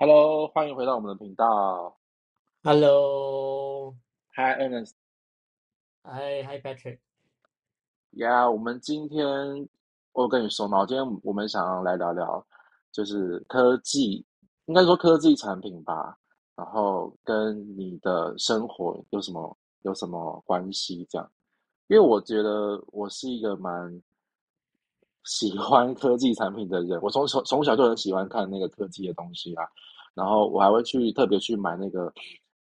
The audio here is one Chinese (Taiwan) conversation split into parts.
Hello，歡迎回到我們的頻道。Hello。Hi，Ernest。Hi，Hi，Patrick。Yeah，我們今天我有跟你說嘛，今天我們想要來聊聊，就是科技，應該說科技產品吧，然後跟你的生活有什麼有什麼關係這樣？因為我覺得我是一個蠻喜歡科技產品的人，我從從從小就很喜歡看那個科技的東西啊，然後我還會去特別去買那個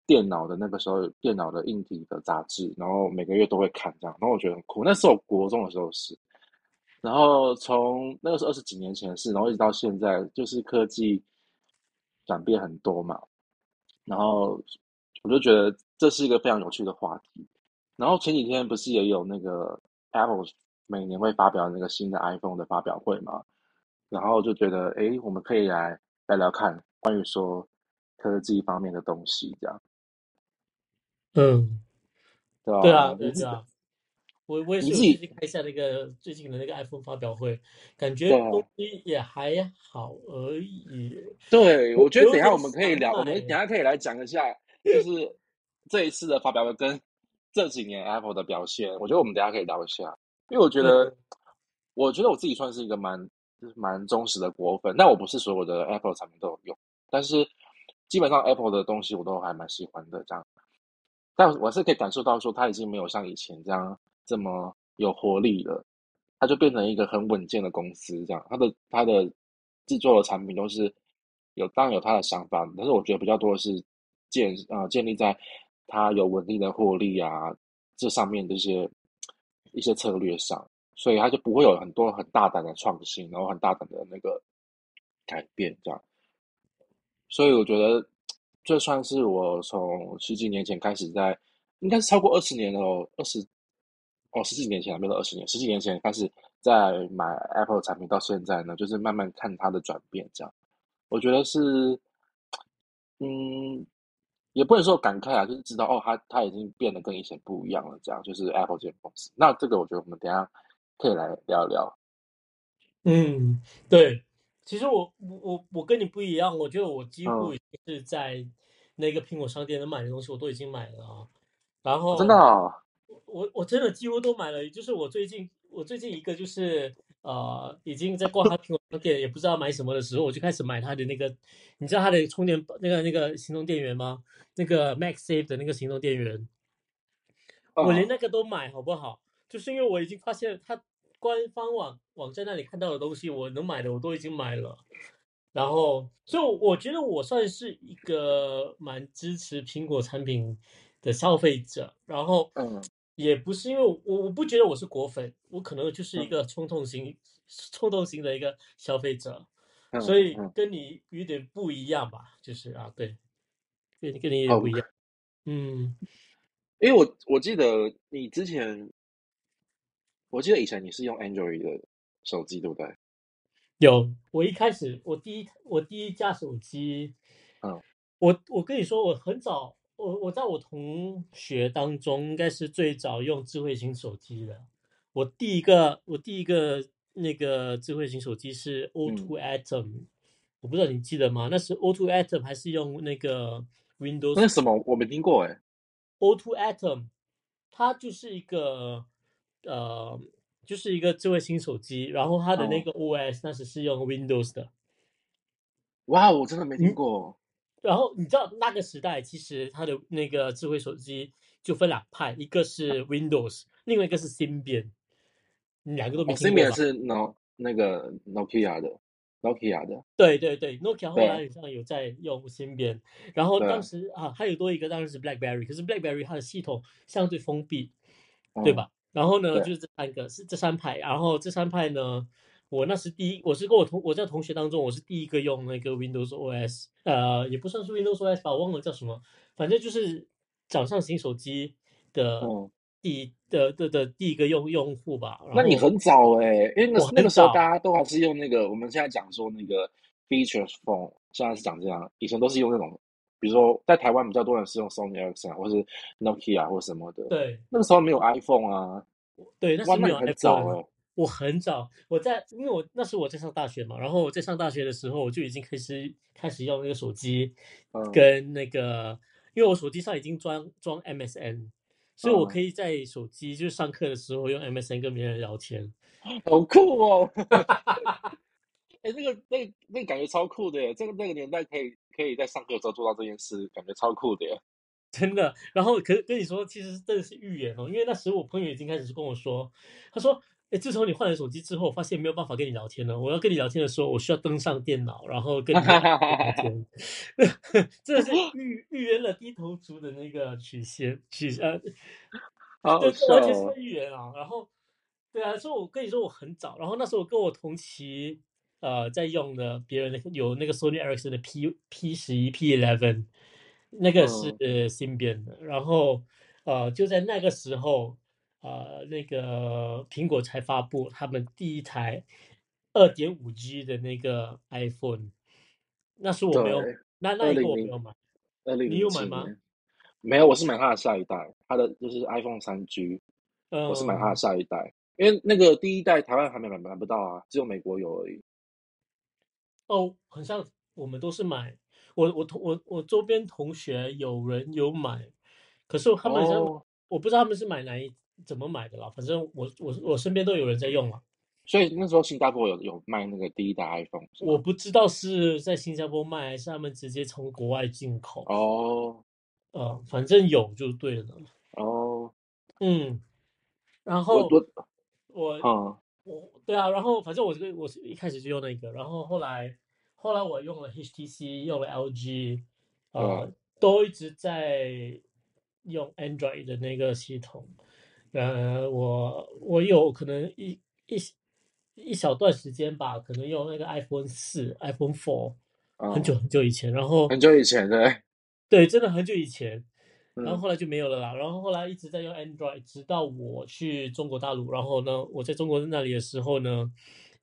電腦的那個時候電腦的硬體的雜誌，然後每個月都會看這樣，然後我覺得很酷，那是我國中的時候是，然後從那個時候二十幾年前的事，然後一直到現在就是科技轉變很多嘛，然後我就覺得這是一個非常有趣的話題，然後前幾天不是也有那個 Apple。每年會發表那個新的 iPhone 的發表會嘛，然後就覺得誒，我們可以來聊聊看關於說科技方面的東西這樣。嗯，對啊對啊對啊。你我我也是自己看一下那個最近的那個 iPhone 發表會，感覺東西也還好而已。對，我覺得等一下我們可以聊，我我等下可以來講一下，就是這一次的發表會跟這幾年 Apple 的表現，我覺得我們等下可以聊一下。因為我覺得，嗯、我覺得我自己算是一個蠻、就是、蠻忠實的果粉。但我不是所有的 Apple 產品都有用，但是基本上 Apple 的東西我都還蠻喜歡的。這樣，但我是可以感受到，說它已經沒有像以前這樣這麼有活力了。它就變成一個很穩健的公司。這樣，它的它的制作的產品都是有當然有它的想法，但是我覺得比較多的是建啊、呃、建立在它有穩定的獲利啊這上面這些。一些策略上，所以它就不會有很多很大膽的創新，然後很大膽的那個改變這樣。所以我覺得，就算是我從十幾年前開始在，應該是超過二十年了，二十哦，十幾年前還沒到二十年，十幾年前開始在買 Apple 產品到現在呢，就是慢慢看它的轉變這樣。我覺得是，嗯。也不能說感慨啊，就是知道哦，他他已經變得跟以前不一樣了，這樣，就是 Apple 這家公司。那這個我覺得我們等一下可以來聊一聊。嗯，對，其實我我我跟你不一樣，我覺得我幾乎已經是在那個蘋果商店能買的東西我都已經買了哦。然後真的哦，我我我真的幾乎都買了，就是我最近我最近一個就是。呃，uh, 已經在逛他蘋果店，也不知道買什麼的時候，我就開始買他的那個，你知道他的充電那個那個行動電源嗎？那個 MagSafe 的那個行動電源，我連那個都買，好不好？Uh huh. 就是因為我已經發現他官方網網站那裡看到的東西，我能買的我都已經買了，然後，所以我覺得我算是一個蠻支持蘋果產品的消費者，然後，嗯、uh。Huh. 也不是因為我我不覺得我是果粉，我可能就是一個衝動型、嗯、衝動型的一個消費者，嗯、所以跟你有點不一樣吧，嗯、就是啊，對，跟跟你有點不一樣。okay. 嗯，因為我我記得你之前，我記得以前你是用 Android 的手機，對不對？有，我一開始我第一我第一架手機，啊、嗯，我我跟你說，我很早。我我在我同學當中應該是最早用智慧型手機的。我第一個我第一個那個智慧型手機是 O2 Atom、嗯、我不知道你記得嗎？那時 O2 Atom 還是用那個 Windows 的。那什麼？我沒聽過誒、欸。O2 Atom，它就是一個呃，就是一個智慧型手機，然後它的那個 OS、哦、那時是用 Windows 的。哇，我真的沒聽過。嗯然後你知道那個時代，其實它的那個智慧手機就分兩派，一個是 Windows，另外一個是 Symbian，兩個都沒有。哦，Symbian 是諾、no, 那個 Nokia、ok、的，Nokia 的。對對對，Nokia 後來好像有在用 Symbian、啊。然後當時啊，它、啊、有多一個，當然是 BlackBerry，可是 BlackBerry 它的系統相對封閉，嗯、對吧？然後呢，對就是這三個是這三派，然後這三派呢。我那是第一，我是跟我同我在同學當中，我是第一個用那個 Windows OS，呃，也不算是 Windows OS 吧，我忘了叫什麼，反正就是掌上型手機的、嗯、第的的的第一個用用戶吧。那你很早哎、欸，因為那那個時候大家都還是用那個，我們現在講說那個 Feature Phone，現在是講這樣，以前都是用那種，比如說在台灣比較多人是用 Sony Ericsson、啊或是 Nokia、或什麼的。對，那個時候沒有 iPhone 啊，對，那是很早哎。我很早，我在，因為我那時我在上大學嘛，然後我在上大學的時候，我就已經開始開始用那個手機，跟那個，嗯、因為我手機上已經裝裝 MSN、哦、所以我可以在手機就上課的時候用 MSN 跟別人聊天，好酷哦！哎、 欸，那個、那個、那個感覺超酷的耶！這個那個年代可以可以在上課的時候做到這件事，感覺超酷的耶！真的。然後可，可跟你說，其實真的是預言哦，因為那時我朋友已經開始是跟我說，他說，自從你換了手機之後，我發現沒有辦法跟你聊天了。我要跟你聊天的時候，我需要登上電腦，然後跟你聊天。 真的是預 預約了低頭族的那個曲線曲啊，對，oh, so. 而且是個預言啊。然後，對啊，所以，我跟你說，我很早，然後那時候我跟我同期呃在用的別人的，有那個 Sony Ericsson 的 PP 十一 P eleven，、oh. 那個是 Symbian 的。然後，呃，就在那個時候。呃，那個蘋果才發布他們第一台二點五 G 的那個 iPhone，那是我沒有，對那那一個我沒有買。二你有買嗎？嗯？沒有，我是買他的下一代，它的就是 iPhone 三 G。我是買他的下一代，嗯、因為那個第一代台灣還沒買，買不到啊，只有美國有而已。哦，很像我們都是買，我我同我我周邊同學有人有買，可是我他們很像、哦、我不知道他們是買哪一。怎麼買的啦？反正我我我身邊都有人在用啊。所以那時候新加坡有有賣那個第一代 iPhone。我不知道是在新加坡賣還是他們直接從國外進口。哦、oh.，呃，反正有就對了。哦，oh. 嗯，然後我都我、嗯、我，我對啊，然後反正我這個我是一開始就用那個，然後後來後來我用了 HTC，用了 LG，啊、呃，oh. 都一直在用 Android 的那個系統。呃，我我有可能一一一小段時間吧，可能用那個 iPhone 4、iPhone 4，很久很久以前，然後很久以前對，對，真的很久以前，然後後來就沒有了啦。然後後來一直在用 Android，直到我去中國大陸。然後呢，我在中國那裡的時候呢，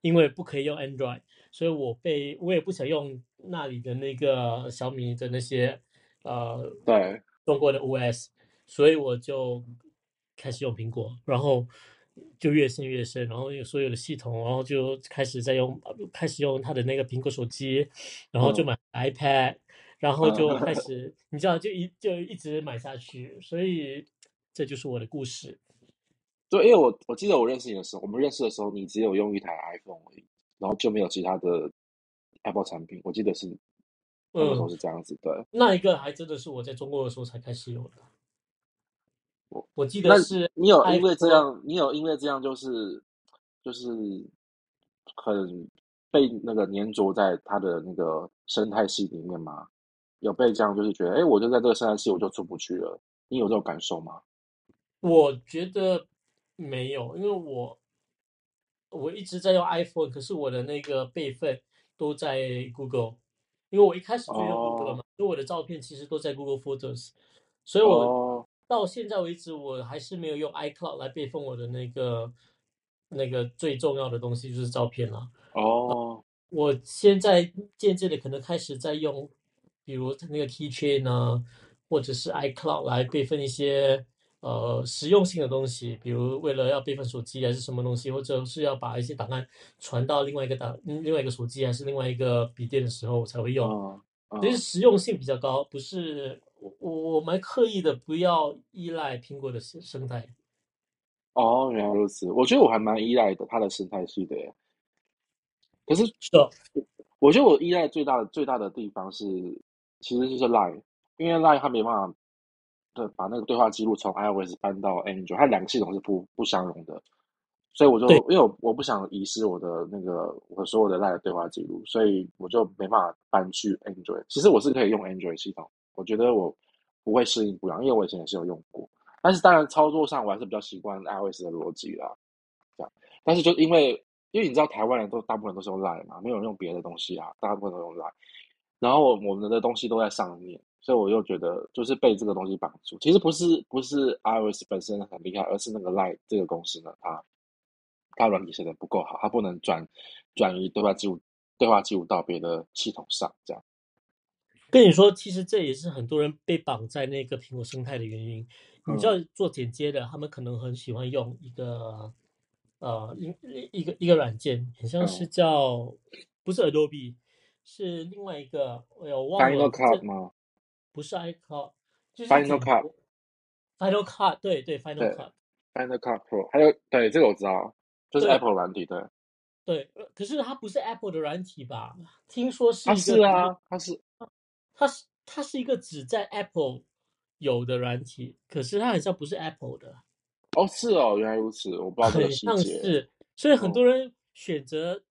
因為不可以用 Android，所以我被我也不想用那裡的那個小米的那些呃，對，中國的 OS，所以我就。開始用蘋果，然後就越陷越深，然後有所有的系統，然後就開始在用，開始用他的那個蘋果手機，然後就買 iPad、嗯、然後就開始，嗯、你知道，就一就一直買下去，所以這就是我的故事。對，因為我我記得我認識你的時候，我們認識的時候，你只有用一台 iPhone 而已，然後就沒有其他的 Apple 產品，我記得是，嗯，都是這樣子的，對、嗯。那一個還真的是我在中國的時候才開始有的。我記得是你有因為這樣，你有因為這樣就是，就是很被那個粘着在他的那個生態系裡面嗎？有被這樣就是覺得，哎，我就在這個生態系，我就出不去了。你有這種感受嗎？我覺得沒有，因為我我一直在用 iPhone，可是我的那個備份都在 Google，因為我一開始就用 Google 嘛，Oh. 因為我的照片其實都在 Google Photos，所以，我。Oh. 到現在為止，我還是沒有用 iCloud 來備份我的那個那個最重要的東西，就是照片了。哦、oh. 呃，我現在漸漸的可能開始在用，比如那個 Keychain 啊，或者是 iCloud 來備份一些呃實用性的東西，比如為了要備份手機還是什麼東西，或者是要把一些檔案傳到另外一個檔另外一個手機還是另外一個筆電的時候，我才會用。啊，oh. oh. 其實實用性比較高，不是。我我們刻意的不要依賴蘋果的生生態。哦，原來如此。我覺得我還蠻依賴的，它的生態系的耶。可是，oh. 我，我覺得我依賴最大的最大的地方是，其實就是 Line，因為 Line 它沒辦法，對，把那個對話記錄從 iOS 搬到 Android，它兩個系統是不不相容的。所以我就對因為我不想遺失我的那個我所有的 Line 的對話記錄，所以我就沒辦法搬去 Android。其實我是可以用 Android 系統。我覺得我不會適應，不然，因為我以前也是有用過，但是當然操作上我還是比較習慣 iOS 的邏輯啦。這樣，但是就因為，因為你知道台灣人都大部分都是用 Line 嘛，沒有用別的東西啊，大部分都用 Line，然後我們的東西都在上面，所以我又覺得就是被這個東西綁住。其實不是不是 iOS 本身很厲害，而是那個 Line 這個公司呢，它它軟體寫的不夠好，它不能轉轉移對話記錄對話記錄到別的系統上，這樣。跟你說，其實這也是很多人被綁在那個蘋果生態的原因。你知道做剪接的，他們可能很喜歡用一個，嗯、呃，一一個一個軟件，好像是叫、嗯、不是 Adobe，是另外一個，哎、我有忘了。Final Cut 這嗎？不是 iCloud，Final Cut，Final Cut，對對 Final Cut，Final Cut Pro，還有對這個我知道，就是 Apple 對 Apple 軟體，對。對、呃，可是它不是 Apple 的軟體吧？聽說是、啊，是啊，它是。啊它是它是一個只在 Apple 有的軟體，可是它很像不是 Apple 的。哦，是哦，原來如此，我不知道這個很像是，所以很多人選擇，哦、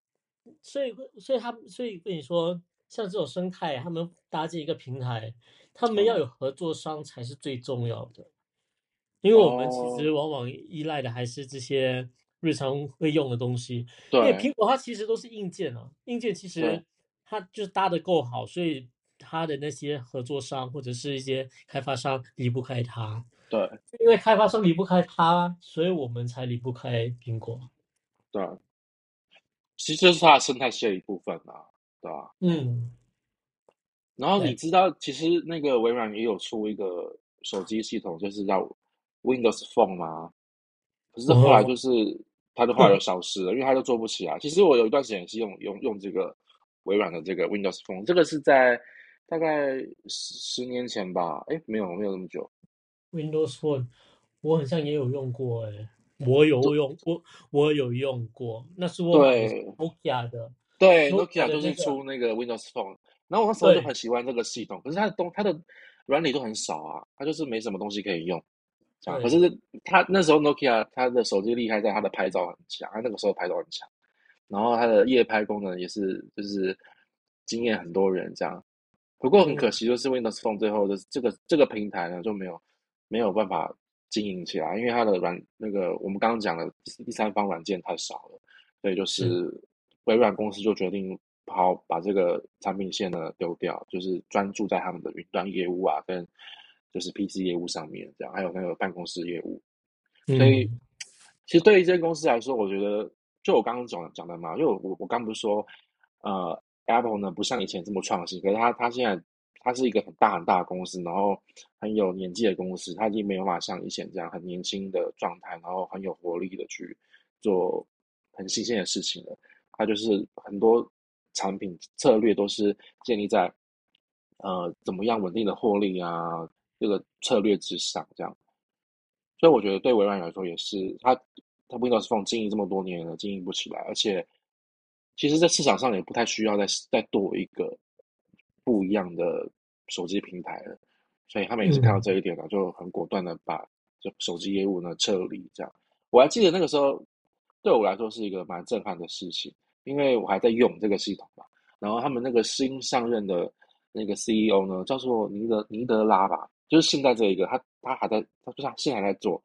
所以所以他所以跟你說，像這種生態，他們搭建一個平台，他們要有合作商才是最重要的，嗯、因為我們其實往往依賴的還是這些日常會用的東西。對，因為蘋果它其實都是硬件啊，硬件其實它就是搭的夠好，對所以。他的那些合作商或者是一些開發商離不開他，對，因為開發商離不開他，所以我們才離不開蘋果。對，其實就是它的生態系的一部分嘛、啊，對吧？嗯。然後你知道，對其實那個微軟也有出一個手機系統，就是叫 Windows Phone 嘛、啊？可是後來就是、哦、他的話又消失了，嗯、因為他都做不起啊。其實我有一段時間也是用用用這個微軟的這個 Windows Phone，這個是在。大概十十年前吧，哎，沒有沒有那麼久。Windows Phone 我好像也有用過、欸，哎，我有用，就我我有用過，那是我對 Nokia、ok、的，對，Nokia 就是出那個 Windows Phone，對然後我那時候就很喜歡這個系統，對可是它的東它的軟體都很少啊，它就是沒什麼東西可以用，對可是它那時候 Nokia、ok、它的手機厲害在它的拍照很強，它那個時候拍照很強，然後它的夜拍功能也是就是驚艷很多人這樣。不過很可惜，就是 Windows Phone 最後的這個、嗯、這個平台呢，就沒有沒有辦法經營起來，因為它的軟那個我們剛剛講的第三方軟件太少了，所以就是微軟公司就決定好把這個產品線呢丟掉，就是專注在他們的雲端業務啊，跟就是 PC 業務上面這樣，還有那個辦公室業務。所以、嗯、其實對於這間公司來說，我覺得就我剛剛講的講的嘛，因為我我剛剛不是說呃。Apple 呢，不像以前這麼創新，可是它它現在它是一個很大很大的公司，然後很有年紀的公司，它已經沒有辦法像以前這樣很年輕的狀態，然後很有活力的去做很新鮮的事情了。它就是很多產品策略都是建立在呃怎麼樣穩定的獲利啊這個策略之上，這樣。所以我覺得對微軟來說也是，它它 Windows Phone 經營這麼多年了，經營不起來，而且。其實，在市場上也不太需要再再多一個不一樣的手機平台了，所以他們也是看到這一點了，就很果斷的把手機業務呢撤離。這樣，我還記得那個時候，對我來說是一個蠻震撼的事情，因為我還在用這個系統嘛。然後他們那個新上任的那個 CEO 呢，叫做尼德尼德拉吧，就是現在這一個，他他還在，他就像現在還在做，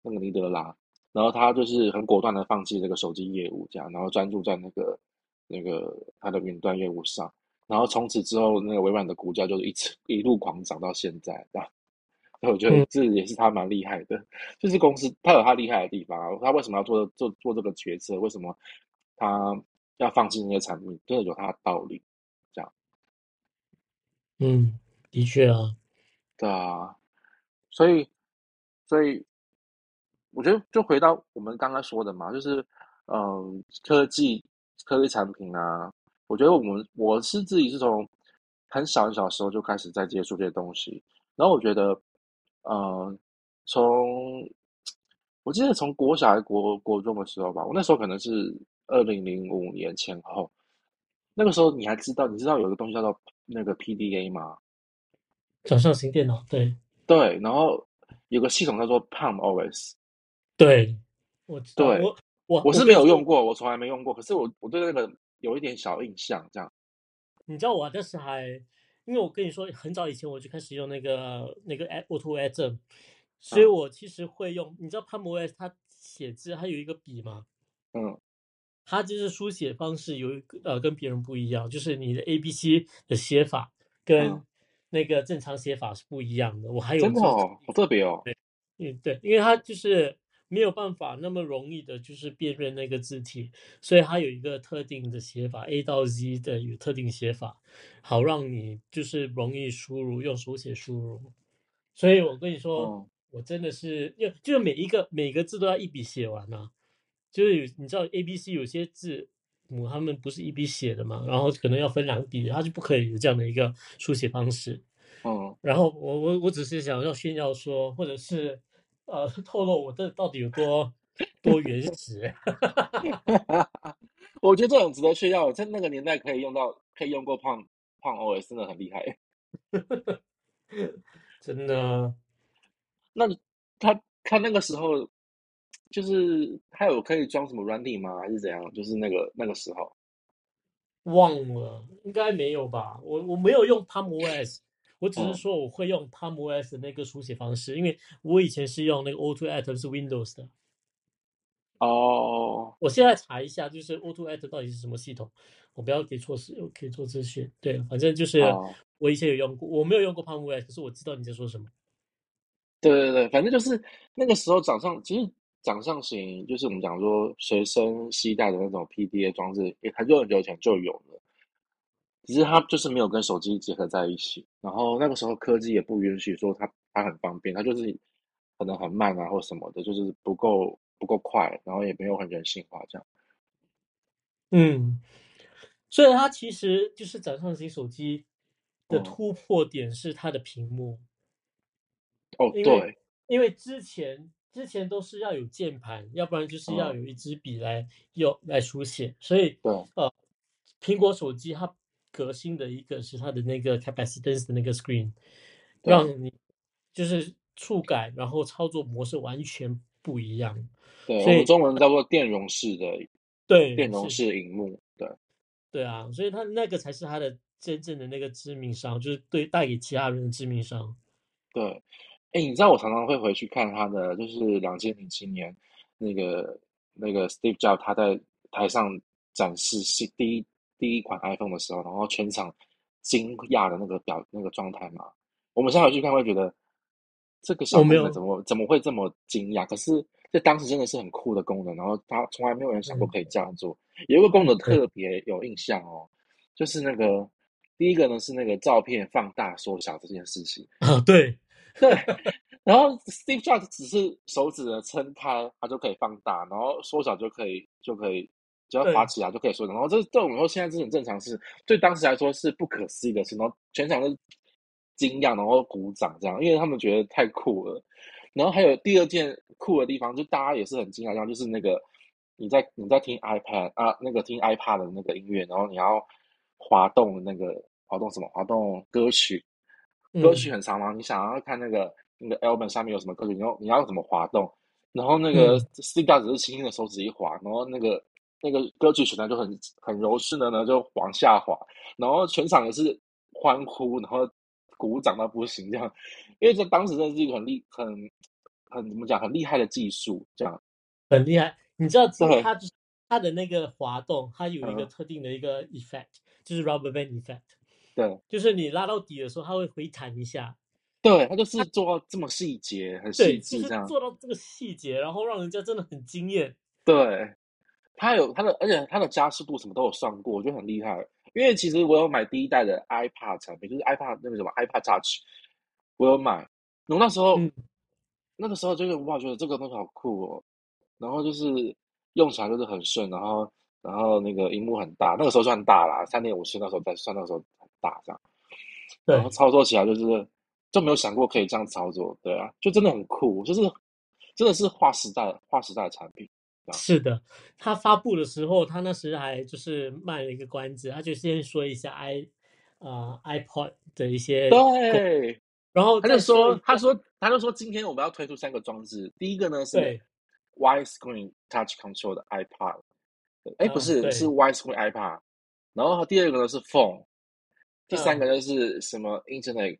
那個尼德拉。然後他就是很果斷的放棄這個手機業務，這樣，然後專注在那個那個他的雲端業務上，然後從此之後，那個微軟的股價就是一直一路狂漲到現在，對吧？那我覺得這也是他蠻厲害的，嗯、就是公司他有他厲害的地方，他、嗯、為什麼要做做做這個決策？為什麼他要放棄那些產品？真、就、的、是、有他的道理，這樣。嗯，的確啊，對啊，所以，所以。我覺得就回到我們剛剛說的嘛，就是，嗯、呃，科技科技產品啊。我覺得我們我是自己是從很小很小的時候就開始在接觸這些東西。然後我覺得，嗯、呃，從我記得從國小還是國國中的時候吧，我那時候可能是二零零五年前後，那個時候你還知道你知道有個東西叫做那個 P D A 嗎？掌上型電腦。對。對，然後有個系統叫做 Palm OS。對，我知道。我我我是沒有用過，我從來沒用過。可是我我對那個有一點小印象。這樣，你知道，我當時還，因為我跟你說，很早以前我就開始用那個那個 Apple Writer，所以我其實會用。你知道，Palm OS 他寫字，他有一個筆嘛，嗯，他就是書寫方式有一個呃跟別人不一樣，就是你的 A B C 的寫法跟那個正常寫法是不一樣的。我還有真的好特別哦，對，嗯，對，因為他就是。沒有辦法那麼容易的，就是辨認那個字體，所以它有一個特定的寫法，A 到 Z 的有特定寫法，好讓你就是容易輸入，用手寫輸入。所以我跟你說，我真的是就就是每一個每個字都要一筆寫完吶、啊。就是有，你知道 A、B、C 有些字母他們不是一筆寫的嘛，然後可能要分兩筆，它就不可以有這樣的一個書寫方式。哦，然後我我我只是想要炫耀說，或者是。呃、啊，透露我這到底有多 多原始？我覺得這種值得炫耀。我在那個年代可以用到，可以用過胖胖 OS，真的很厲害。真的？ 那他他那個時候就是還有可以裝什麼 running 嗎？還是怎樣？就是那個那個時候 忘了，應該沒有吧？我我沒有用 Tom OS。 我只是說我會用 Palm OS 的那個書寫方式，嗯、因為我以前是用那個 O2 Atom 是 Windows 的。哦，oh, 我現在查一下，就是 O2 Atom 到底是什麼系統，我不要給錯時，我可以做資訊。對，反正就是我以前有用過，oh, 我沒有用過 Palm OS，可是我知道你在說什麼。對對對，反正就是那個時候掌上，其實掌上型就是我們講說隨身攜帶的那種 PDA 裝置，也很久很久以前就有了。只是它就是沒有跟手機結合在一起，然後那個時候科技也不允許說它它很方便，它就是可能很慢啊，或什麼的，就是不夠不夠快，然後也沒有很人性化這樣。嗯，所以它其實就是掌上型手機的突破點是它的屏幕。嗯、哦，因為對，因為之前之前都是要有鍵盤，要不然就是要有一支筆來用、嗯、來書寫，所以對呃，蘋果手機它。核心的一個是它的那個 capacitance 的那個 screen，讓你就是觸感，然後操作模式完全不一樣。對，所以我們中文叫做電容式的，對，電容式螢幕，是是對，對，對啊，所以它那個才是它的真正的那個致命傷，就是對帶給其他人的致命傷。對，哎，你知道我常常會回去看他的，就是兩千零七年那個那個 Steve Jobs 他在台上展示是第一。第一款 iPhone 的時候，然後全場驚訝的那個表那個狀態嘛，我們上回去看會覺得這個什麼怎麼怎麼會這麼驚訝？可是這當時真的是很酷的功能，然後他從來沒有人想過可以這樣做。有、嗯、一個功能特別有印象哦，嗯、就是那個第一個呢是那個照片放大縮小這件事情啊，對對， 然後 Steve Jobs 只是手指的撐開，它就可以放大，然後縮小就可以就可以。只要滑起來就可以說着，對 然後這這種，們說現在這是很正常，是對當時來說是不可思議的事。然後全場都驚訝，然後鼓掌這樣，因為他們覺得太酷了。然後還有第二件酷的地方，就大家也是很驚訝，然後就是那個你在你在聽 iPad 啊，那個聽 iPad 的那個音樂，然後你要滑動那個滑動什麼？滑動歌曲，歌曲很長嗎？你想要看那個那個 Album 下面有什麼歌曲，你要你要怎麼滑動？然後那個 Steve Jobs 是輕輕的手指一滑，然後那個。那個歌曲曲呢，就很很柔順的呢，就往下滑，然後全場也是歡呼，然後鼓掌到不行這樣，因為這當時真的是一個很厲很很怎麼講很厲害的技術這樣，很厲害。你知道它對它的那個滑動，它有一個特定的一個 effect，、嗯、就是 rubber band effect。對，就是你拉到底的時候，它會回彈一下。對，它就是做到這麼細節，它很細節，這樣。就是、做到這個細節，樣然後讓人家真的很驚艷。對。它有它的，而且它的加速度什麼都有算過，我覺得很厲害。因為其實我有買第一代的 iPod 產品，就是 iPod 那個什麼 iPod Touch，我有買。我那時候，嗯、那個時候就是哇，覺得這個東西好酷哦。然後就是用起來就是很順，然後然後那個熒幕很大，那個時候算大啦三點五寸，那時候在算那個時候很大這樣。然後操作起來就是對就沒有想過可以這樣操作，對啊，就真的很酷，就是真的是劃時代劃時代的產品。啊、是的，他發佈的時候，他那時還就是賣了一個關子，他就先說一下 i，啊、呃、iPod 的一些對，然後他就說，他說對，他就說，今天我們要推出三個裝置，第一個呢是 widescreen touch control 的 iPod，哎，對，不是，呃、是 widescreen iPod，然後第二個呢是 phone，第三個就是什麼 internet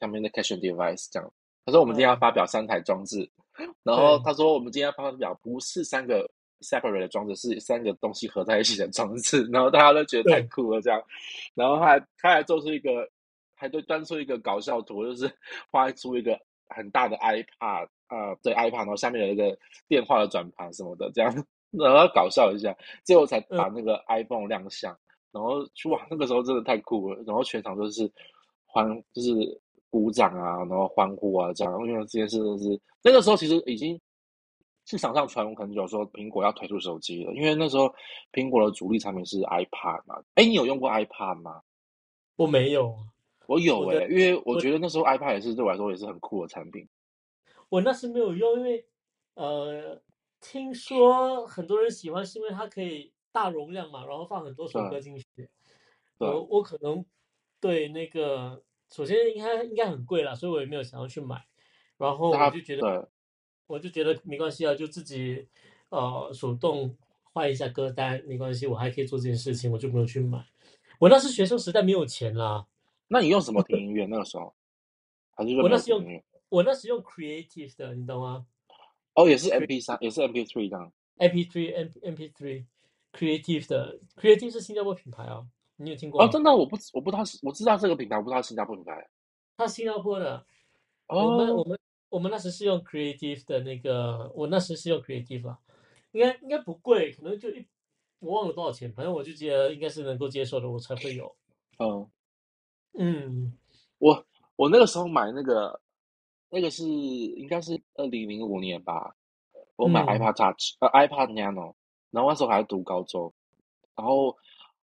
communication device 這樣，他說我們今天要發表三台裝置。呃然後他說：“我們今天要發表不是三個 separate 的裝置，是三個東西合在一起的裝置。”然後大家都覺得太酷了，這樣。對然後還他還做出一個，還對，端出一個搞笑圖，就是畫出一個很大的 iPad，啊、呃，對 iPod，然後下面有一個電話的轉盤什麼的，這樣，然後搞笑一下。最後才把那個 iPhone 亮相。嗯、然後哇，那個時候真的太酷了，然後全場都、就是歡，就是。鼓掌啊，然後歡呼啊，這樣，因為這件事、就是那個時候其實已經市場上傳聞，可能有說蘋果要推出手機了，因為那時候蘋果的主力產品是 iPad 嘛。哎，你有用過 iPad 嗎？我沒有，我有哎、欸，的因為我覺得那時候 iPad 也是我對我來說也是很酷的產品。我那時沒有用，因為呃，聽說很多人喜歡是因為它可以大容量嘛，然後放很多首歌進去。我我可能對那個。首先應該應該很貴啦，所以我也沒有想要去買。然後我就覺得，我就覺得沒關係啊，就自己呃手動換一下歌單，沒關係，我還可以做這件事情，我就沒有去買。我那是學生時代沒有錢啦。那你用什麼聽音樂 Okay. 那時候？我那是用，我那是用 Creative 的，你懂嗎？哦，也是 MP 三，3, 也是 MP 三，這樣。MP 三，MMP 三，Creative 的，Creative 是新加坡品牌啊。你有聽過啊、哦？真的，我不，我不知道是，我知道這個品牌，我不知道是新加坡品牌。它新加坡的。哦、嗯，我。我們我們我那時是用 Creative 的那個，我那時是用 Creative 啊。應該應該不貴，可能就一，我忘了多少錢，反正我就覺得應該是能夠接受的，我才會有。嗯。嗯。我我那個時候買那個，那個是應該是二零零五年吧，我買 iPod Touch、嗯、呃，iPod Nano，然後那時候還是讀高中，然後。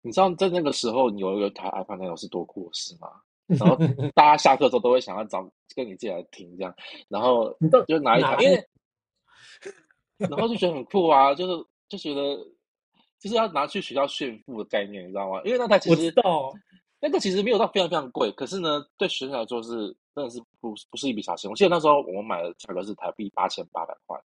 你知道，在那個時候你有一個台 iPad 那種是多酷的事嗎？ 然後大家下課的時候都會想要找跟你借來聽這樣，然後你就拿一台，因為然後就覺得很酷啊， 就是就覺得就是要拿去學校炫富的概念，你知道嗎？因為那台其實到那個其實沒有到非常非常貴，可是呢，對學生來說是真的是不不是一筆小錢。我記得那時候我們買的價格是台幣八千八百塊，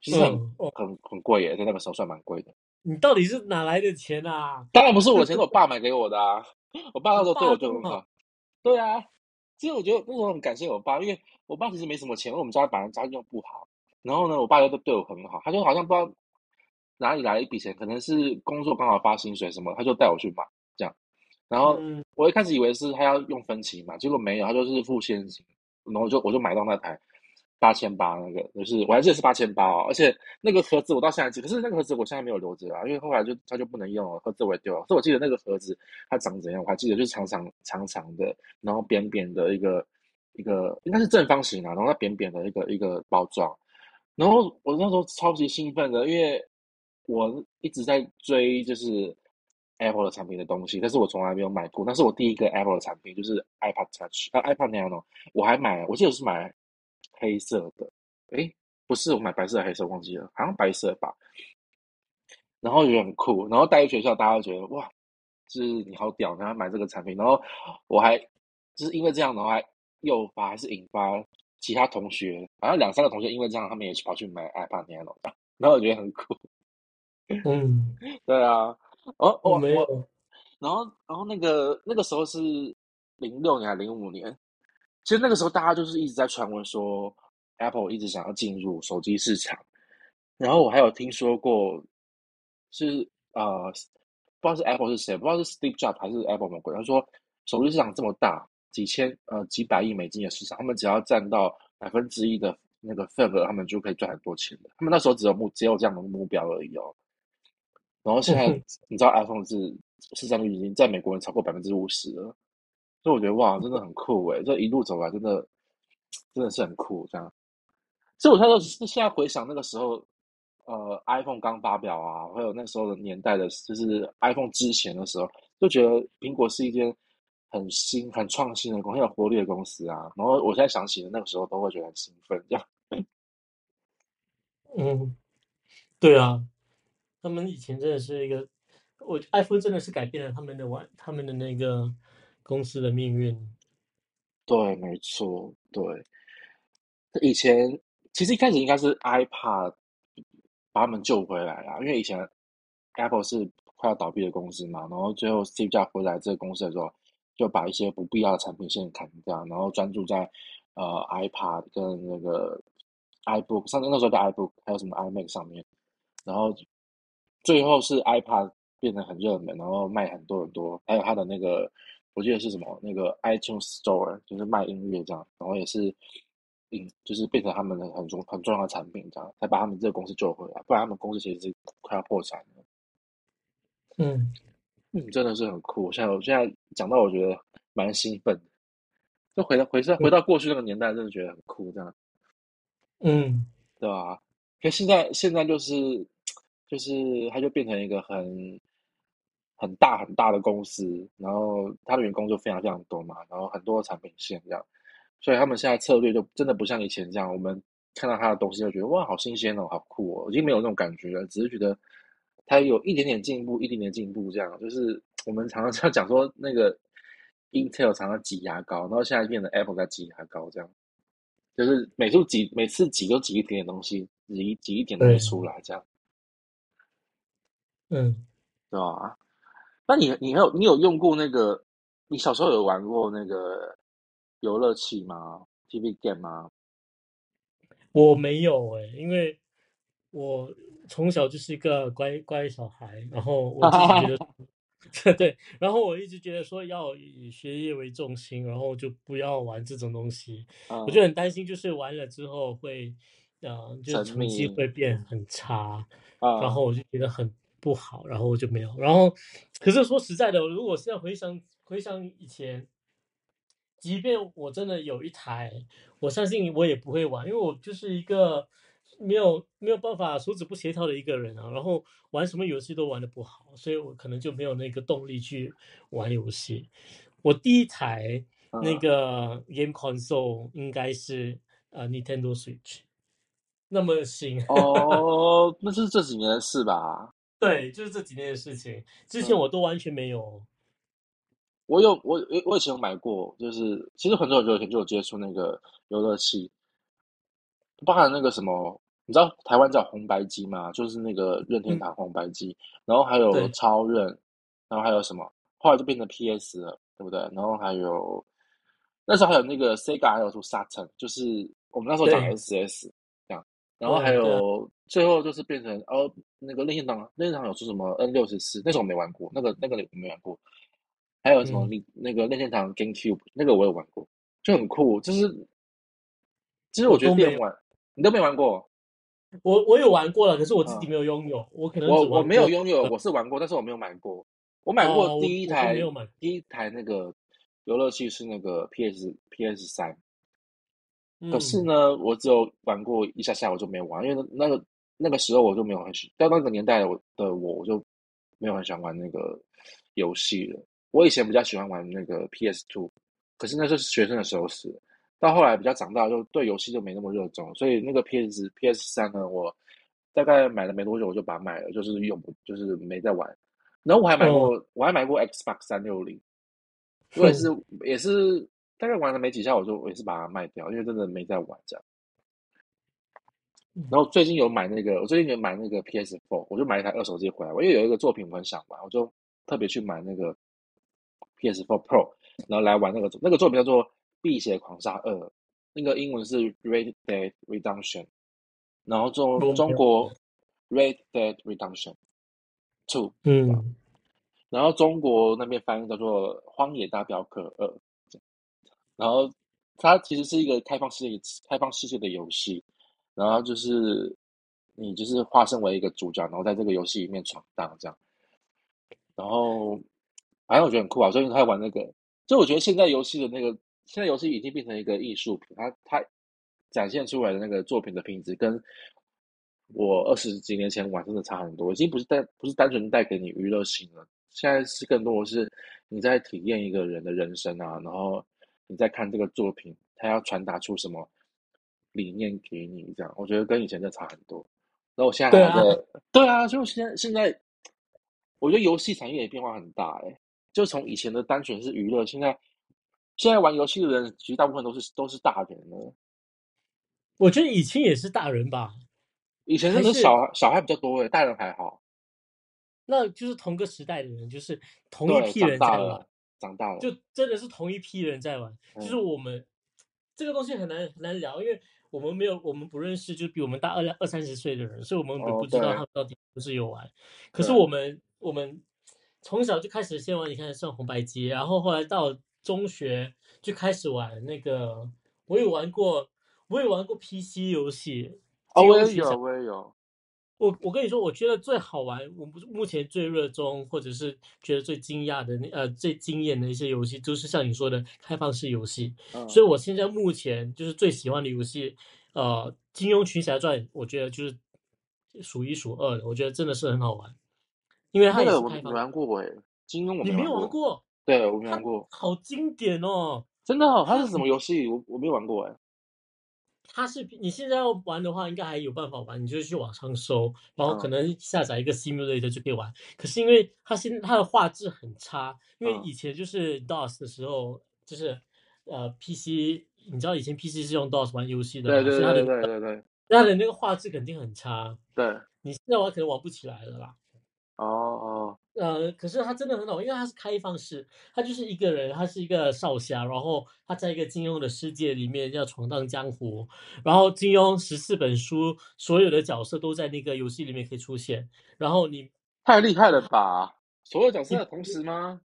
其實很、嗯、很很貴耶，在那個時候算蠻貴的。你到底是哪來的錢啊？當然不是我的錢，是我爸買給我的啊。我爸那時候對我就很好，很好對啊。其實我覺得那時候很感謝我爸，因為我爸其實沒什麼錢，因為我們家本來家境不好。然後呢，我爸又都對我很好，他就好像不知道哪裡來了一筆錢，可能是工作剛好發薪水什麼，他就帶我去買這樣。然後我一開始以為是他要用分期嘛，結果沒有，他就是付現金，然後我就我就買到那台。八千八那個，就是我還記得是八千八哦，而且那個盒子我到現在記，可是那個盒子我現在沒有留着啊，因為後來就它就不能用了，盒子我也丟了。可是我記得那個盒子它長怎樣，我還記得就是長長長長的，然後扁扁的一個一個應該是正方形啦、啊，然後它扁扁的一個一個包裝。然後我那時候超級興奮的，因為我一直在追就是 Apple 的產品的東西，但是我從來沒有買過，那是我第一個 Apple 的產品，就是 iPod Touch，啊 iPod Nano，我還買，我記得是買。黑色的，誒，不是我買白色的，黑色我忘記了，好像白色吧。然後有點酷，然後帶去學校，大家都覺得哇，就是你好屌，然後買這個產品。然後我還就是因為這樣的話，誘發還是引發其他同學，好像兩三個同學因為這樣，他們也去跑去買 iPad Nano。然後我覺得很酷。嗯， 對啊，哦哦，我沒有。然後然後那個那個時候是零六年還是零五年？其實那個時候，大家就是一直在傳聞說，Apple 一直想要進入手機市場。然後我還有聽說過是，是、呃、啊，不知道是 Apple 是誰，不知道是 Steve Jobs 還是 Apple 某鬼。他說，手機市場這麼大，幾千呃幾百億美金的市場，他們只要占到百分之一的那個份額，他們就可以賺很多錢的。他們那時候只有目只有這樣的目標而已哦。然後現在你知道 iPhone 是市佔率已經在美國人超過百分之五十了。所以我覺得哇，真的很酷哎！就一路走來，真的真的是很酷，這樣。所以我覺得現在回想那個時候，呃，iPhone 剛發表啊，還有那時候的年代的，就是 iPhone 之前的時候，就覺得蘋果是一間很新、很創新的、很有活力的公司啊。然後我現在想起那個時候，都會覺得很興奮，這樣。嗯，對啊，他們以前真的是一個，我 iPhone 真的是改變了他們的玩，他們的那個。公司的命運，對，沒錯，對。以前其實一開始應該是 iPad 把他們救回來啊，因為以前 Apple 是快要倒閉的公司嘛，然後最後 Steve Jobs 回來這個公司的時候，就把一些不必要的產品線砍掉，然後專注在呃 iPad 跟那個 iBook，上次那時候的 iBook，還有什麼 iMac 上面，然後最後是 iPad 變得很熱門，然後賣很多很多，還有它的那個。我記得是什麼，那個 iTunes Store 就是賣音樂這樣，然後也是，嗯，就是變成他們的很重很重要的產品這樣，才把他們這個公司救回來，不然他們公司其實是快要破產了。嗯嗯，真的是很酷，現在我現在講到我覺得蠻興奮，就回到回到回到過去那個年代，真的覺得很酷這樣。嗯，對吧、啊？可現在現在就是就是它就變成一個很。很大很大的公司，然後他的員工就非常非常多嘛，然後很多產品線這樣，所以他們現在策略就真的不像以前這樣，我們看到他的東西就覺得哇，好新鮮哦，好酷哦，已經沒有那種感覺了，只是覺得他有一點點進步，一點點進步這樣，就是我們常常常講說那個 Intel 常常常擠牙膏，然後現在變成 Apple 在擠牙膏這樣，就是每次擠每次擠都擠一點點東西，擠擠一點東西出來這樣，嗯，知道吧？那你你有你有用過那個？你小時候有玩過那個遊樂器嗎？TV game 嗎？我沒有哎、欸，因為我從小就是一個乖乖小孩，然後我一直覺得、啊、 對，然後我一直覺得說要以學業為重心，然後就不要玩這種東西，啊、我就很擔心，就是玩了之後會，嗯、呃，就成績會變很差，啊、然後我就覺得很。不好，然後我就沒有。然後，可是說實在的，如果現在回想回想以前，即便我真的有一台，我相信我也不會玩，因為我就是一個沒有沒有辦法手指不協調的一個人啊。然後玩什麼遊戲都玩的不好，所以我可能就沒有那個動力去玩遊戲。我第一台那個 game console、嗯、應該是啊、uh, Nintendo Switch，那麼新哦， 那就是這幾年的事吧。對，就是這幾年的事情，之前我都完全沒有。嗯、我有，我我以前有買過，就是其實很久很久以前就有接觸那個遊樂器，包含那個什麼，你知道台灣叫紅白機嗎？就是那個任天堂紅白機，嗯、然後還有超任，對然後還有什麼？後來就變成 PS 了，對不對？然後還有那時候還有那個 Sega R2 Saturn，就是我們那時候講 SS 這樣，然後還有。最後就是變成哦，那個任天堂，任天堂有出什麼 N 六十四，那時候我沒玩過，那個那個沒玩過。還有什麼？嗯、那個任天堂 GameCube 那個我有玩過，就很酷，就是，其實我覺得電玩，都你都沒玩過。我我有玩過了，可是我自己沒有擁有，啊、我可能我我沒有擁有，我是玩過，嗯、但是我沒有買過。我買過第一台、啊、第一台那個遊樂器是那個 PS PS 三、嗯，可是呢，我只有玩過一下下，我就沒玩，因為那個。那個時候我就沒有很喜，到那個年代的我，我就沒有很喜歡玩那個遊戲了。我以前比較喜歡玩那個 PS2，可是那時候是學生的時候是。到後來比較長大，就對遊戲就沒那麼熱衷，所以那個 PS PS3 呢，我大概買了沒多久，我就把它賣了，就是用，就是沒在玩。然後我還買過，哦、我還買過 Xbox 三六零，我也是哼也是大概玩了沒幾下，我就我也是把它賣掉，因為真的沒在玩這樣。然後最近有買那個，我最近有買那個 PS4，我就買一台二手機回來，我又有一個作品我很想玩，我就特別去買那個 PS4 Pro，然後來玩那個那個作品叫做《碧血狂殺二》，那個英文是《Red Dead Redemption》，然後中中國《Red Dead Redemption Two》，嗯，然後中國那邊翻譯叫做《荒野大鏢客二》，然後它其實是一個開放世界開放世界的遊戲。然後就是，你就是化身為一個主角，然後在這個遊戲裡面闖蕩這樣。然後，反正我覺得很酷啊，所以他在玩那個。所以我覺得現在遊戲的那個，現在遊戲已經變成一個藝術品，它它展現出來的那個作品的品質，跟我二十幾年前玩真的差很多。已經不是單不是單純帶給你娛樂性了，現在是更多的是你在體驗一個人的人生啊。然後你在看這個作品，它要傳達出什麼。理念給你這樣，我覺得跟以前的差很多。那我現在覺得，對啊，對啊，就現在現在，我覺得遊戲產業也變化很大誒。就從以前的單純是娛樂，現在現在玩遊戲的人其實大部分都是都是大人了。我覺得以前也是大人吧，以前真的是小、小孩比較多誒，大人還好。那就是同個時代的人，就是同一批人在玩。長大了，長大了，就真的是同一批人在玩。嗯。就是我們這個東西很難難聊，因為。我們沒有，我們不認識，就比我們大二兩二三十歲的人，所以我們不知道他們到底不是有玩。Oh, 對可是我們對我們從小就開始先玩，你看看上紅白機，然後後來到中學就開始玩那個。我有玩過，我有玩過 PC 遊戲。哦、oh，我也有，我也有。我我跟你說，我覺得最好玩，我不是，目前最熱衷或者是覺得最驚訝的那呃最驚豔的一些遊戲，就是像你說的開放式遊戲。嗯、所以我現在目前就是最喜歡的遊戲，呃，《金庸群俠傳》，我覺得就是數一數二的，我覺得真的是很好玩。因為你我你玩過不、欸？金庸我沒玩過。你沒玩過？玩過對，我沒玩過。好經典哦！真的好、哦，它是什麼遊戲？嗯、我我沒有玩過哎、欸。它是你現在要玩的話，應該還有辦法玩，你就去網上搜，然後可能下載一個 simulator 就可以玩。Uh. 可是因為它現它的畫質很差，因為以前就是 DOS 的時候，Uh. 就是呃 PC，你知道以前 PC 是用 DOS 玩遊戲的，對，對對對對對對，它的那個畫質肯定很差。對，你現在玩可能玩不起來了啦。哦哦。呃，可是他真的很好，因為他是開放式，他就是一個人，他是一個少俠，然後他在一個金庸的世界裡面要闖蕩江湖，然後金庸十四本書，所有的角色都在那個遊戲裡面可以出現，然後你太厲害了吧，所有角色的同時嗎？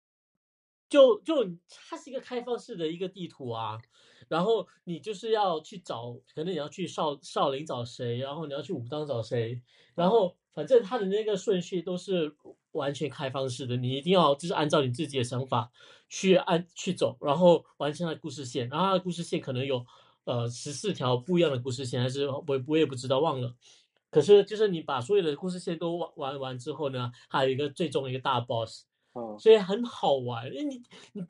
就就，就他是一個開放式的一個地圖啊，然後你就是要去找，可能你要去少少林找誰，然後你要去武當找誰，然後。反正它的那個順序都是完全開放式的，你一定要就是按照你自己的想法去按去走，然後完成它的故事線。然後它的故事線可能有呃十四條不一樣的故事線，還是我我也不知道忘了。可是就是你把所有的故事線都玩，玩完之後呢，還有一個最終的一個大 boss、嗯、所以很好玩，你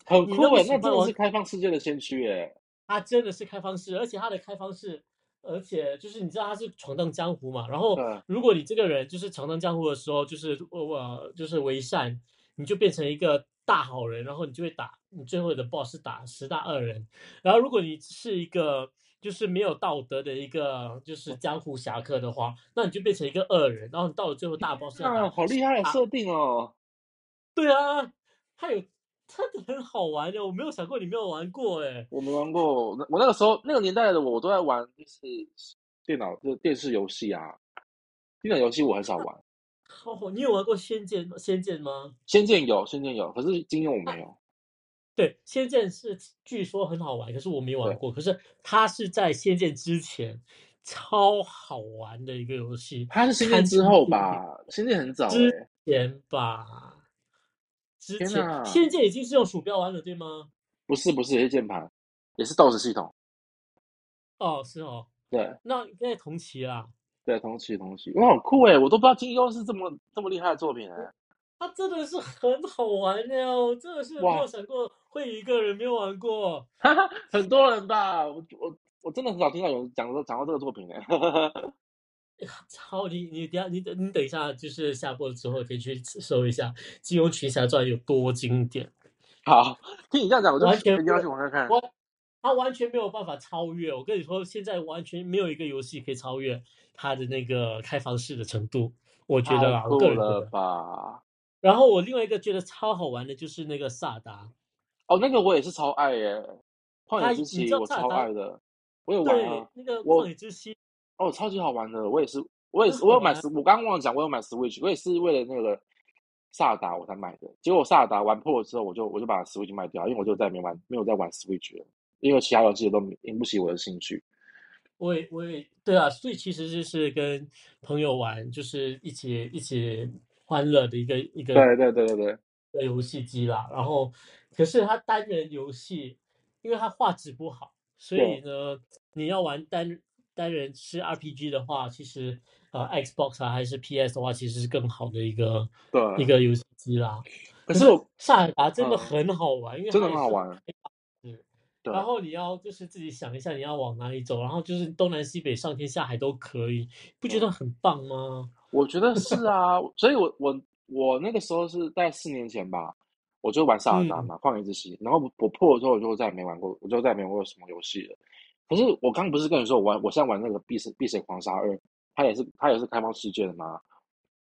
很酷。那真的是開放世界的先驅耶，它真的是開放式，而且它的開放式。而且就是你知道他是闖蕩江湖嘛，然後如果你這個人就是闖蕩江湖的時候就是呃、嗯、就是為善，你就變成一個大好人，然後你就會打你最後的 boss 打十大惡人。然後如果你是一個就是沒有道德的一個就是江湖俠客的話，那你就變成一個惡人，然後你到了最後大 boss 那、啊、好厲害的設定哦，啊對啊，他有。真的很好玩的，我沒有想過你沒有玩過哎，我沒玩過。我那個時候那個年代的我，我都在玩就是電腦就是電視遊戲啊，電腦遊戲我很少玩，啊。哦，你有玩過《仙劍》《仙劍》嗎？《仙劍》有，《仙劍》有，可是金庸我沒有。啊，對，《仙劍》是據說很好玩，可是我沒玩過。對可是它是在《仙劍》之前超好玩的一個遊戲。它是《仙劍》之後吧？《仙劍》很早之前吧。之前仙劍已經是用鼠標玩了，對嗎？不是不是，也是鍵盤，也是 DOS 系統。哦，是哦，對，那現在同期啦。對，同期同期，哇，好酷哎，我都不知道金庸是這麼這麼厲害的作品哎。它真的是很好玩的哦，我真的是沒有想過會一個人沒有玩過，哇 很多人吧？我我,我真的很少聽到有人講講到這個作品的。 超級你，你等下你等你等一下，就是下播了之後可以去搜一下《金庸群俠傳》有多經典。好，聽你這樣講，我、就是、完全你要去網上看，看，我，他完全沒有辦法超越。我跟你說，現在完全沒有一個遊戲可以超越他的那個開放式的程度，我覺得。夠了吧？然後我另外一個覺得超好玩的就是那個薩達，哦，那個我也是超愛耶，《曠野之息》你知道薩達？我超愛的，我有玩啊。那個我《曠野之息》。哦，超級好玩的！我也是，我也是，我有買、嗯、我剛忘了講，我有買 Switch，我也是為了那個薩爾達我才買的，結果薩爾達玩破了之後，我就我就把 Switch 賣掉，因為我就再也沒玩，沒有再玩 Switch 了，因為其他遊戲都引不起我的興趣。我也，我也，對啊，所以其實就是跟朋友玩，就是一起一起歡樂的一個一個、嗯、對對對對對遊戲機啦。然後，可是它單人遊戲，因為它畫質不好，所以呢，對你要玩單。單人吃 RPG 的話，其實呃，Xbox 啊，還是 PS 的話，其實是更好的一個對一個遊戲機啦。可是我《塞爾達》真的很好玩，嗯、因為真的很好玩。嗯、然後你要就是自己想一下你要往哪裡走，對然後就是東南西北上天下海都可以，不覺得很棒嗎？我覺得是啊， 所以我我我那個時候是在四年前吧，我就玩《塞爾達》嘛，嗯、放一次戲，然後我，我破了之後我就再也沒玩過，我就再也沒玩過什麼遊戲了。可是我剛不是跟你說，我玩我現在玩那個《碧血碧血狂殺二》，他也是他也是開放世界的嗎？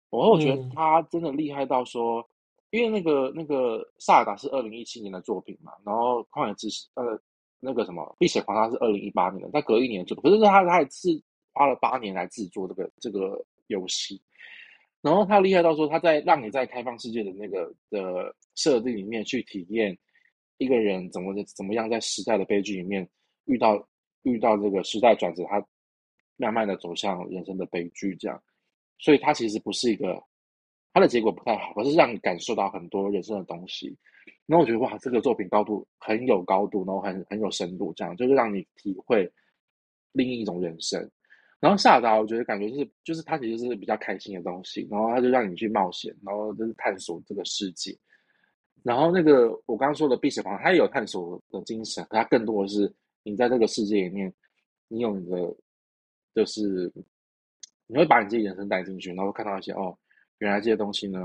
我我覺得他真的厲害到說，嗯、因為那個那個《薩爾達》是二零一七年的作品嘛，然後《曠野之息》呃，那個什麼《碧血狂殺》是二零一八年的，他隔一年做，可是他他也是花了八年來制作這個這個遊戲。然後他厲害到說，他在讓你在開放世界的那個的設定裡面去體驗一個人怎麼怎麼樣在時代的悲劇裡面遇到。遇到這個時代轉折，他慢慢的走向人生的悲劇，這樣，所以他其實不是一個，他的結果不太好，而是讓你感受到很多人生的東西。然後我覺得哇，這個作品高度很有高度，然後很很有深度，這樣就是讓你體會另一種人生。然後夏達、啊，我覺得感覺就是就是他其實是比較開心的東西，然後他就讓你去冒險，然後就是探索這個世界。然後那個我剛剛說的《碧雪狂》，他也有探索的精神，可他更多的是。你在這個世界裡面，你有你的，就是你會把你自己人生帶進去，然後看到一些哦，原來這些東西呢，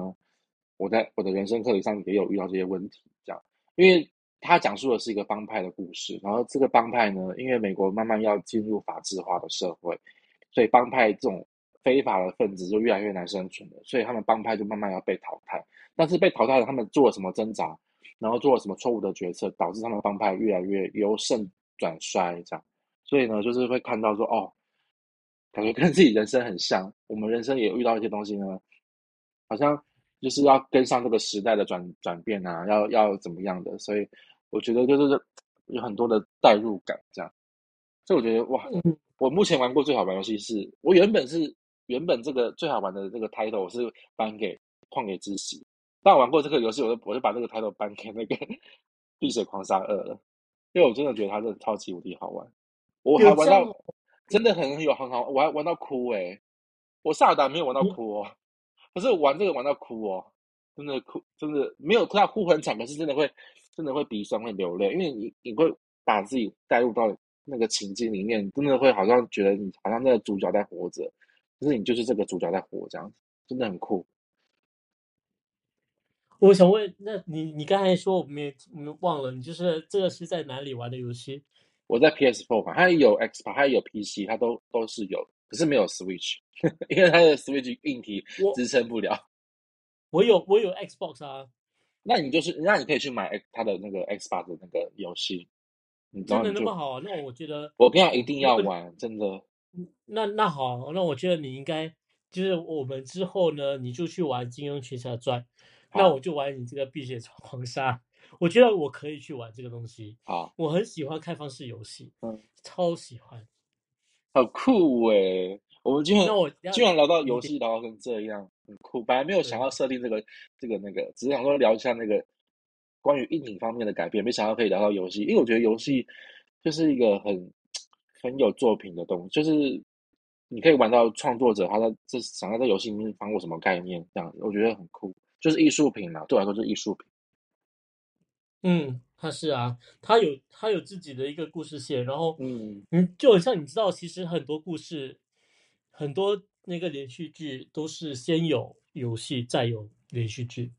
我在我的人生課題上也有遇到這些問題。這樣，因為他講述的是一個幫派的故事，然後這個幫派呢，因為美國慢慢要進入法制化的社會，所以幫派這種非法的分子就越來越難生存了，所以他們幫派就慢慢要被淘汰。但是被淘汰了，他們做了什麼掙扎，然後做了什麼錯誤的決策，導致他們幫派越來越優勝轉衰這樣，所以呢，就是會看到說哦，感覺跟自己人生很像。我們人生也遇到一些東西呢，好像就是要跟上這個時代的轉轉變啊，要要怎麼樣的？所以我覺得就是有很多的代入感這樣。所以我覺得哇，我目前玩過最好玩遊戲是，我原本是原本這個最好玩的這個 title 我是頒給頒給曠野之息，但我玩過這個遊戲，我就我就把這個 title 頒給那個碧血狂殺二了。因為我真的覺得它這個超級無敵好玩，我還玩到真的很有很好，玩，玩到哭誒、欸。我薩爾達沒有玩到哭哦、喔，可是玩這個玩到哭哦、喔，真的哭真的沒有他哭很慘，的是真的會真的會鼻酸會流淚，因為你你會把自己帶入到那個情境裡面，真的會好像覺得你好像那個主角在活着，可是你就是這個主角在活着，這樣子真的很酷。我想問，那你你剛才說我沒，嗯，忘了，你就是這個是在哪裡玩的遊戲？我在 PS4 嘛，它有 Xbox，它有 PC，它都都是有，可是沒有 Switch，因為它的 Switch 硬體支撐不了。我，我有我有 Xbox 啊，那你就是那你可以去買它的那個 Xbox 的那個遊戲，真的那麼好？那我覺得我更要一定要玩，為真的。那那好，啊，那我覺得你應該就是我們之後呢，你就去玩金融《金庸群俠傳》。那我就玩你這個辟邪《碧血狂殺》，我覺得我可以去玩這個東西。啊好，我很喜歡開放式遊戲，嗯，超喜歡，好酷誒、欸，我們今天、嗯、那我，今晚聊到遊戲點聊成這樣，很酷。本來沒有想要設定這個對這個那個，只是想說聊一下那個關於電影方面的改變，沒想到可以聊到遊戲。因為我覺得遊戲就是一個很很有作品的東西，就是你可以玩到創作者他在這想要在遊戲裡面放入什麼概念，這樣我覺得很酷。就是藝術品嘛、啊,對我來說就是藝術品。嗯,他是啊,他有他有自己的一個故事線,然後嗯,嗯,就好像你知道,其實很多故事,很多那個連續劇都是先有遊戲,再有連續劇,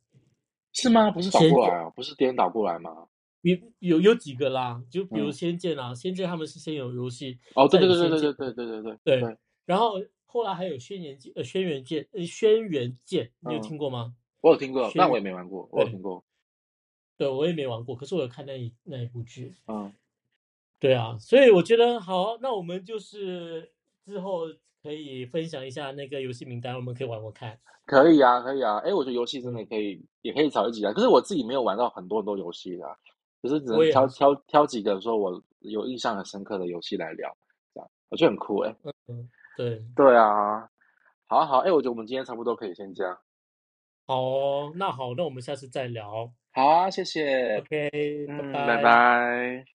是嗎?不是倒過來啊?先不是顛倒過來嗎?有有有幾個啦,就比如《仙劍》啊,嗯《仙劍》他們是先有遊戲哦,對對對對對對對對對對對。對對,然後後來還有《軒轅劍》呃,《軒轅劍》呃,《軒轅劍》,你有聽過嗎?嗯我有聽過，學但我也沒玩過。對我有聽過，對我也沒玩過。可是我有看那一那一部劇啊，嗯、對啊，所以我覺得好，那我們就是之後可以分享一下那個遊戲名單，我們可以玩玩看。可以啊，可以啊。哎，我覺得遊戲真的可以，嗯、也可以找一集來、啊。可是我自己沒有玩到很多很多遊戲啦、啊，就是只能挑也挑挑幾個說我有印象很深刻的遊戲來聊，這樣我覺得很酷哎、欸嗯。對，對啊，好啊好哎、啊，我覺得我們今天差不多可以先這樣。好哦，那好，那我們下次再聊。好啊，謝謝。OK，拜拜。